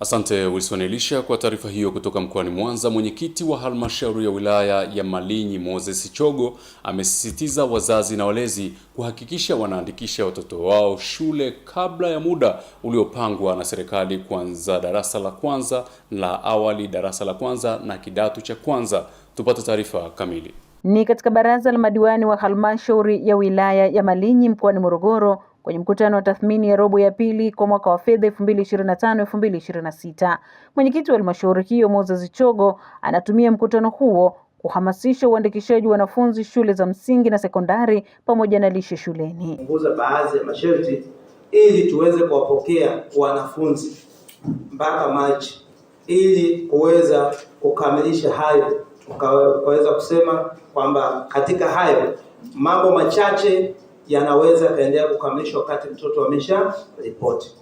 Asante Wilson Elisha kwa taarifa hiyo kutoka mkoani Mwanza. Mwenyekiti wa halmashauri ya wilaya ya Malinyi Moses Chogo amesisitiza wazazi na walezi kuhakikisha wanaandikisha watoto wao shule kabla ya muda uliopangwa na serikali kuanza darasa la kwanza la awali, darasa la kwanza na kidato cha kwanza. Tupate taarifa kamili. Ni katika baraza la madiwani wa halmashauri ya wilaya ya Malinyi mkoani Morogoro kwenye mkutano wa tathmini ya robo ya pili kwa mwaka wa fedha 2025-2026. Mwenyekiti wa halmashauri hiyo Moses Chogo anatumia mkutano huo kuhamasisha uandikishaji wa wanafunzi shule za msingi na sekondari pamoja na lishe shuleni. Punguza baadhi ya masharti ili tuweze kuwapokea wanafunzi mpaka Machi ili kuweza kukamilisha hayo, ukaweza kusema kwamba katika hayo mambo machache yanaweza yakaendelea kukamilishwa wakati mtoto amesha ripoti.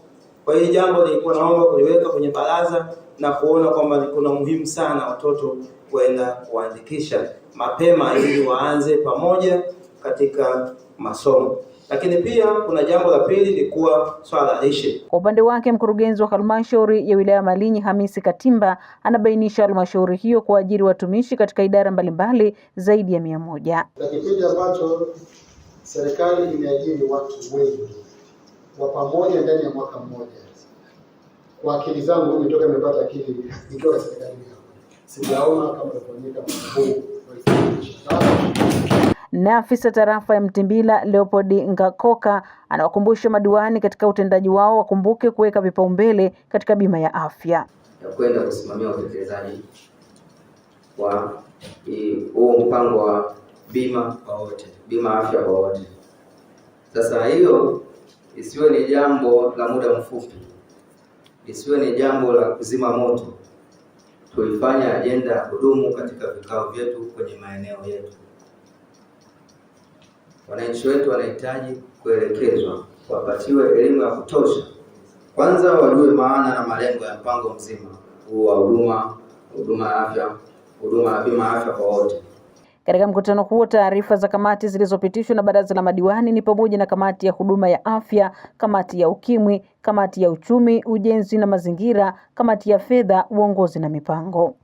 Kwa hiyo jambo nilikuwa naomba kuliweka kwenye baraza na kuona kwamba kuna muhimu sana watoto kuenda kuandikisha mapema ili waanze pamoja katika masomo. Lakini pia kuna jambo la pili lilikuwa swala la lishe. Kwa upande wake, mkurugenzi wa halmashauri ya wilaya Malinyi Hamisi Katimba anabainisha halmashauri hiyo kuajiri watumishi katika idara mbalimbali zaidi ya mia moja. Kipindi ambacho serikali imeajiri watu wengi wa pamoja ndani ya mwaka mmoja. Kwa akili zangu mimi toka nimepata akili nitoka serikalini sijaona kama itafanyika na afisa tarafa ya Mtimbila Leopold Ngakoka anawakumbusha madiwani katika utendaji wao wakumbuke kuweka vipaumbele katika bima ya afya na kwenda kusimamia utekelezaji wa huu mpango wa bima kwa wote, bima afya kwa wote. Sasa hiyo isiwe ni jambo la muda mfupi, isiwe ni jambo la kuzima moto, tuifanye ajenda ya kudumu katika vikao vyetu, kwenye maeneo yetu. Wananchi wetu wanahitaji kuelekezwa, wapatiwe elimu ya kutosha, kwanza wajue maana na malengo ya mpango mzima huu wa huduma huduma ya afya huduma ya bima afya kwa wote. Katika mkutano huo, taarifa za kamati zilizopitishwa na baraza la madiwani ni pamoja na kamati ya huduma ya afya, kamati ya ukimwi, kamati ya uchumi, ujenzi na mazingira, kamati ya fedha, uongozi na mipango.